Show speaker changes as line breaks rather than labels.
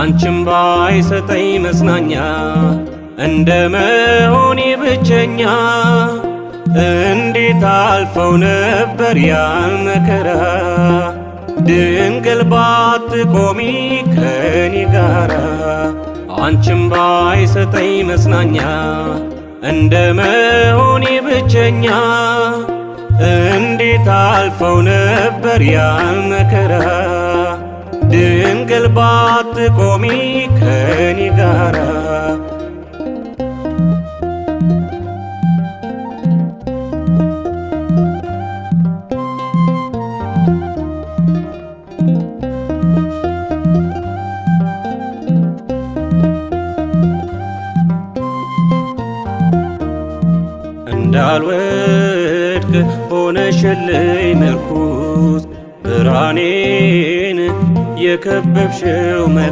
አንቺም ባይሰጠኝ መጽናኛ እንደ መሆኔ ብቸኛ እንዴት አልፈው ነበር ያን መከራ። ድንግል ባትቆሚ ከኔ ጋራ አንቺም ባይሰጠኝ መጽናኛ እንደ መሆኔ ብቸኛ እንዴት አልፈው ነበር ያን መከራ ገልባ ትቆሚ ከኔ ጋራ
እንዳልወድቅ ሆነሽልኝ ምርኩዝ ብርሃኔ የከበብሽው